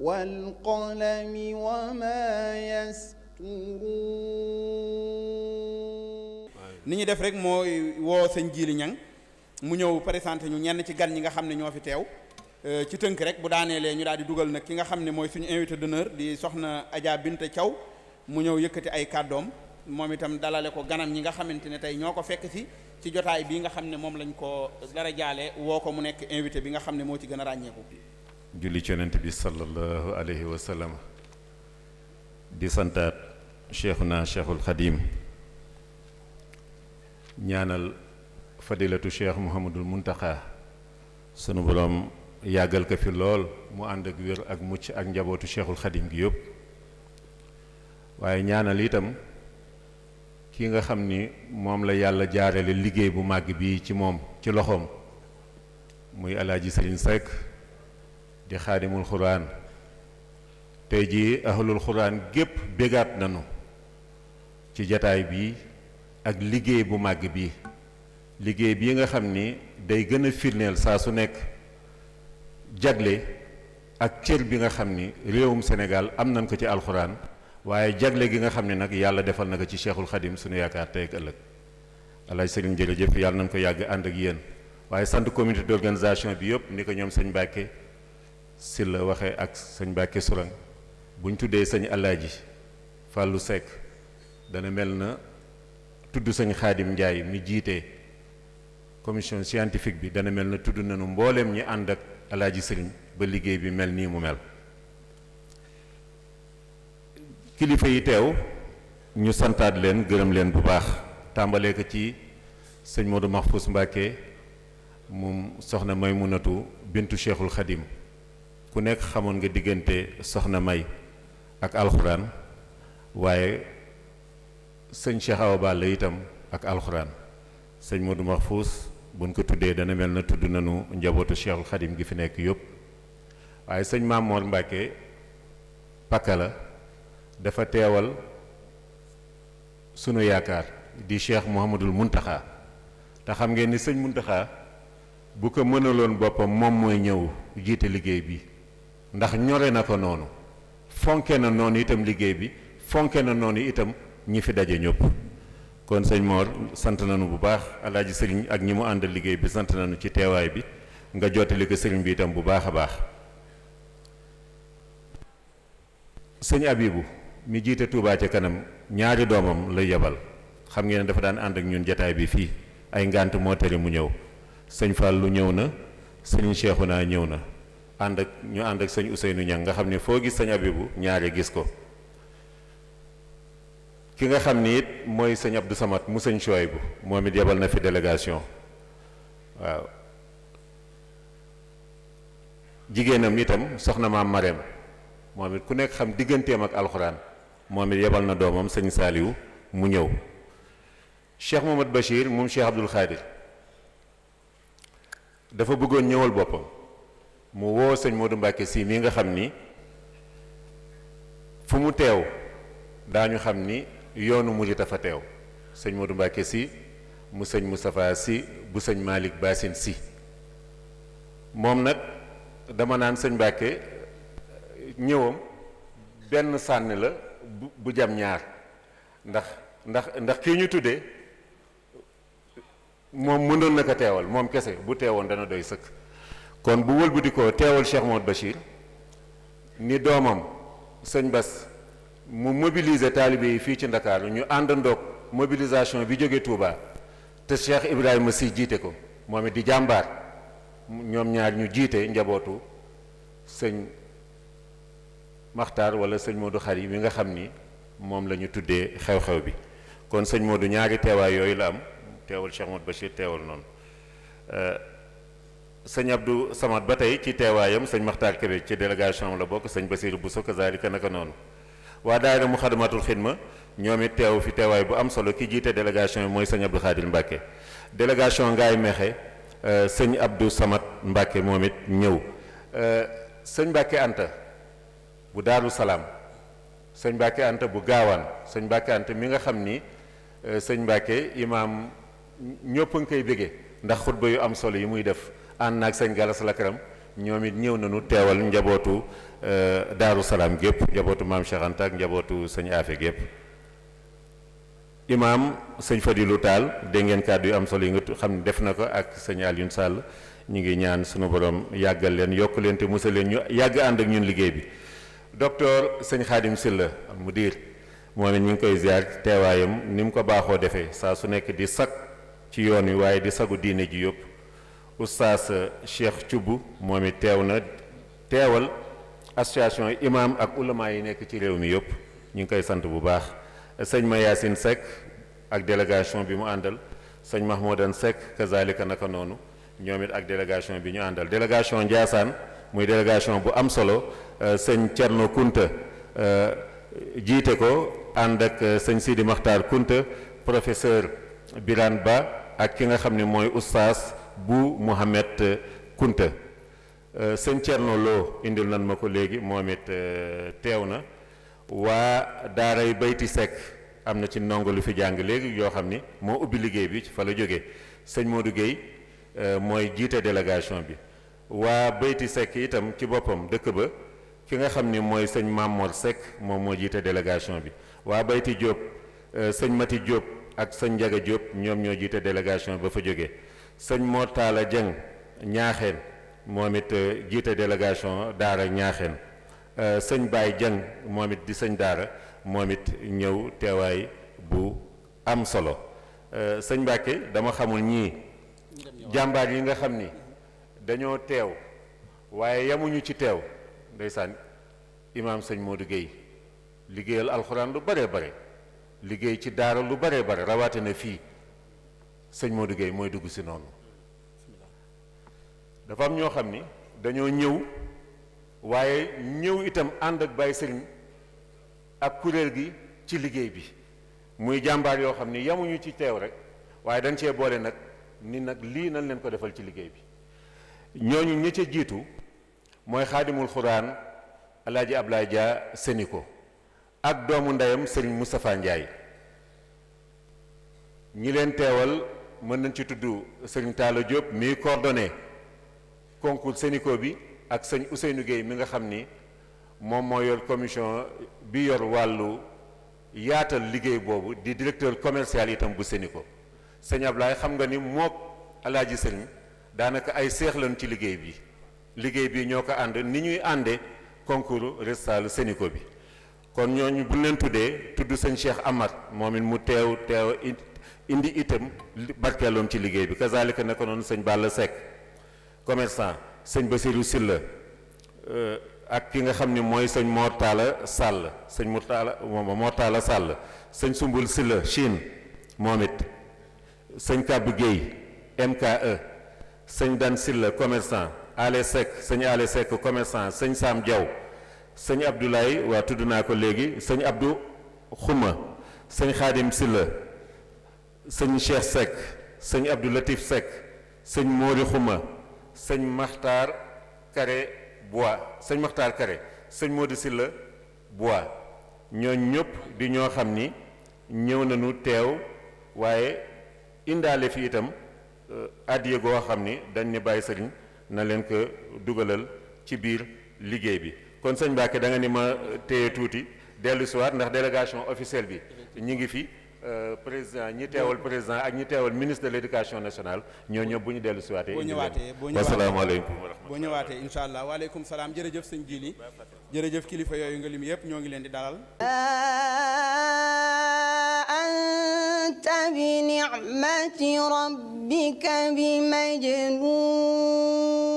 والقلم وما يسطرون def rek mooy woo sëñ Jili Ñang mu ñëw présenté ñu ñenn ci gan ñi nga xam ne ñoo fi teew euh, ci tënk rek bu daaneelee ñu daal di dugal nag ki nga xam ne mooy suñu invité d'honneur di soxna Adja Binte caw mu ñëw yëkkati ay kàddoom moom itam dalale ko ganam ñi nga xamante ne tey ñoo ko fekk si ci jotaay bi nga xam ne moom lañ ko dara woo ko mu nekk invité bi nga xam ne moo ci gën a ràññeeku. julli ci bi sallallahu alayhi wa di santaat cheikhuna cheikhul xadim ñaanal fadilatu cheikh Mouhamadul Muntaxa sunu borom yàggal ko fi lool mu ànd ak wér ak mucc ak njabootu cheikhul xadim gi yépp waaye ñaanal itam. ki nga xam ni moom la yàlla jaarale liggéey bu màgg bi ci moom ci loxoom muy ji Sëriñ Seck di xaadimul xuraan tey ji ahlul xuraan gépp bégaat nanu ci jataay bi ak liggéey bu màgg bi liggéey bii nga xam ni day gën a firndeel saa su nekk jagle ak cër bi nga xam ni réewum senegal am nañ ko ci alxuraan waaye jagle gi nga xam ne nag yàlla defal na ko ci cheikhul xadim suñu yaakaar tey ak ëllëg alaaj sëriñ jërëjëf yàlla nañ ko yàgg ànd ak yéen waaye sant comité d'organisation bi yëpp ni ko ñoom sañ Mbàkke si la waxee ak sëñ Mbàkke Sourang bu ñu tuddee sëñ Alaaji Fàllu Seck dana mel na tudd sëñ Xaadim Njaay mi jiitee commission scientifique bi dana mel na tudd nañu mbooleem ñi ànd ak Alaaji sëriñ ba liggéey bi mel nii mu mel kilifa yi teew ñu santaat leen gërëm leen bu baax tàmbalee ko ci sëñ Modou Mahfous Mbacke moom soxna May Munatu bintu Cheikhul Khadim ku nekk xamoon nga diggante soxna May ak alxuraan waaye sëñ Cheikh Awa Balla itam ak alxuraan sëñ max Mahfous buñ ko tuddee dana mel na tudd nañu njabootu Cheikhul xadim gi fi nekk yëpp waaye sëñ Maam Mor Mbacke la dafa teewal sunu yaakaar di cheikh Mouhamadul Muntaxa te xam ngeen ni sëñ Muntaxa bu ko mënaloon boppam moom mooy ñëw jiite liggéey bi ndax ñore na ko noonu fonke na noonu itam liggéey bi fonke na noonu itam ñi fi daje ñëpp kon sëñ Mor sant nañu bu baax alaaji sëriñ ak ñi mu àndal liggéey bi sant nañu ci teewaay bi nga jottali ko sëriñ bi itam bu baax a baax sëñ Abibu mi jiite Touba ca kanam ñaari doomam la yabal xam ngeen ne dafa daan ànd ak ñun jataay bi fii ay ngànt moo tere mu ñëw sëñ Fallou ñëw na sëñ naa ñëw na ànd ak ñu ànd ak sëñ Ousseynou Niang nga xam ni foo gis sëñ Abibou ñaare gis ko ki nga xam ni it mooy sëñ Abdou Samad mu sëñ bu moom it yebal na fi délégation waaw jigéenam itam soxna maam Marème moom it ku nekk xam digganteem ak alxuraan moom it yebal na doomam sëñ Saaliw mu ñëw Cheikh Mohamad Bachir moom Cheikh Abdoul Khadir dafa bëggoon ñëwal boppam mu woo sëñ Modou Mbacke si mii nga xam ni fu mu teew daañu xam ni yoonu murit a teew sëñ Modou si mu sëñ si bu sëñ Malick Bassine si moom nag dama naan sëñ Mbacke ñëwam benn sànni la bu bu jam ñaar ndax ndax ndax kii ñu tuddee moom mënoon na ko teewal moom kese bu teewoon dana doy sëkk kon bu wëlbudikoo teewal Cheikh Mouhamed Bachir ni doomam sëñ Bas mu mobiliser taalibe yi fii ci Ndakaaru ñu àndandoog mobilisation bi jóge tuubaa te Cheikh Ibrahima Sy jiite ko moom it di jàmbaar ñoom ñaar ñu jiite njabootu sëñ Maxtaar wala sëñ Modou Xari mi nga xam ni moom la ñu tuddee xew-xew bi kon sëñ Modou ñaari teewaay yooyu la am teewal Cheikh Modou Bachir teewal noonu euh, sëñ Abdou Samad ba tey ci teewaayam sëñ Maxtaar Kébé ci délégation la bokk sëñ Basiir Bousso kazalika naka noonu waa daayira mu xadamatul xidma ñoom it teew fi teewaay bu am solo ki jiite délégation yi mooy sëñ Abdou Khadir Mbacke délégation Ngaye Mexe euh, sëñ Abdou Samad Mbacke moom ñëw euh, sëñ Mbacke Anta. bu daaru salaam sëñ Mbacke Anta bu gaawaan sëñ Mbacke Anta mi nga xam ni eh, sëñ Mbacke imaam ñëpp a ngi koy bége ndax xutba yu am solo yi muy def ànd ak sëñ Galas Lakaram ñoom it ñëw nañu teewal njabootu eh, daaru salaam gépp njabootu maam Cheikh ak njabootu sëñ Afe gépp imaam sëñ Fadilou taal dégg ngeen kàddu yu am solo yi nga xam ne def na ko ak sëñ Alioune sàll ñu ngi ñaan sunu borom yàggal leen yokk leen te musal leen ñu yàgg ànd ak ñun liggéey bi. docteur sëñ Xaadim Silla mu diir moom it ñu ngi koy ziar teewaayam ni mu ko baaxoo defee saa su nekk di sag ci yoon wi waaye di sagu diine ji yëpp oustaz Cheikh Thioub moom it teew na teewal association imam ak ulama yi nekk ci réew mi yëpp ñu ngi koy sant bu baax sëñ Mayacine Seck ak délégation bi mu àndal sëñ Mahmoudan Seck kazalika naka noonu ñoom it ak délégation bi ñu àndal délégation Ndiassane muy délégation bu am solo euh, sëñ Thierno Kunta euh, jiite ko ànd ak euh, sëñ Sidi Makhtar Kunta professeur Birane Ba ak ki nga xam ni mooy oustaz bu Mohamed Kunta sëñ Thierno Lo indil nan ma ko léegi moom it teew na waa daaray bayti sekk am na ci ndongo lu fi jàng léegi yoo xam ni moo ubbi liggéey bi fa la jógee sëñ Modou Guèye mooy jiite délégation bi waa Beyti Seck itam ci boppam dëkk ba ki nga xam ni mooy sëñ Mamor Seck moom moo jiite délégation bi waa Beyti Diop euh, sëñ Mati Diop ak sëñ Ndiaga Diop ñoom ñoo jiite délégation ba fa sëñ Mortala Dieng ñaaxeen moom euh, jiite délégation Daara ñaaxeen euh, sëñ Baye Dieng moom it di sëñ Daara moom it ñëw teewaay bu am solo sëñ Mbàkke dama xamul ñii jàmbaar yi nga xam ni. dañoo teew waaye yamuñu ci teew ndeysaan imaam sëñ moo Guèye liggéeyal alxuraan lu bare bare liggéey ci daara lu bare bare rawaate na fii sëñ Modou Guèye mooy dugg si noonu dafa am ñoo xam ni dañoo ñëw waaye ñëw itam ànd ak bàyyi sëriñ ak kuréel gi ci liggéey bi muy jàmbaar yoo xam ni yamuñu ci teew rek waaye dañ cee boole nag ni nag lii nañ leen ko defal ci liggéey bi ñooñu ñi ca jiitu mooy xaadimul xuraan alaaji Ablaye Dia seni ko ak doomu ndeyam sëriñ Moustapha Ndiaye ñi leen teewal mën nañ ci tudd sëriñ Talla mi coordonné concours seniko bi ak sëñ Ousseynou Gueye mi nga xam ni moom moo yor commission bi yor wàllu yaatal liggéey boobu di directeur commercial itam bu seniko sëñ Ablaye xam nga ni mook alaaji sëriñ daanaka ay seexlan ci liggéey bi liggéey bi ñoo ko ànd ni ñuy àndee concours restal Sénico bi kon ñooñu bu leen tuddee tudd sëñ Cheikh Amar moom mu teew teew indi itam barkeeloom ci liggéey bi kazalika naka noonu sëñ Balla Seck commerçant sëñ Basirou Silla euh, ak ki nga xam ni mooy sëñ Mortala Sall sëñ Mortala Mortala Sall sëñ Sumbul Silla Chine moom it sëñ Kabou Guèye sëñ daan Silla commerçant Ale Seck sëñ Ale Seck commerçant sëñ Sam Diaw sëñ Abdoulaye waa tudd naa ko léegi sëñ Abdou Xuma sëñ Xaadim Silla sëñ Cheikh Seck sëñ Abdou Latif Seck sëñ Mori Xuma sëñ Maxtaar Kare Bois sëñ Maxtaar Kare sëñ Modi Silla Bois ñooñ ñëpp di ñoo xam ni ñëw nañu teew waaye indaale fi itam Euh, addiya goo xam ni dañ ne bàyyi sëriñ na leen ko dugalal ci biir liggéey bi kon sëñ Mbacke da nga ni ma euh, téye tuuti dellu siwaat ndax délégation officielle bi ñi ngi fi euh, président ñi teewal président ak ñi teewal ministre de l' éducation nationale ñoo ñëpp bu ñu dellu siwaatee boo ñëwaatee boo ñëwaatee asalaamaaleykum wa boo ñëwaatee incha allah waaleykum salaam jërëjëf sëñ Jili jërëjëf kilifa yooyu nga lim yëpp ñoo ngi leen di dalal أنت بنعمة ربك بمجنون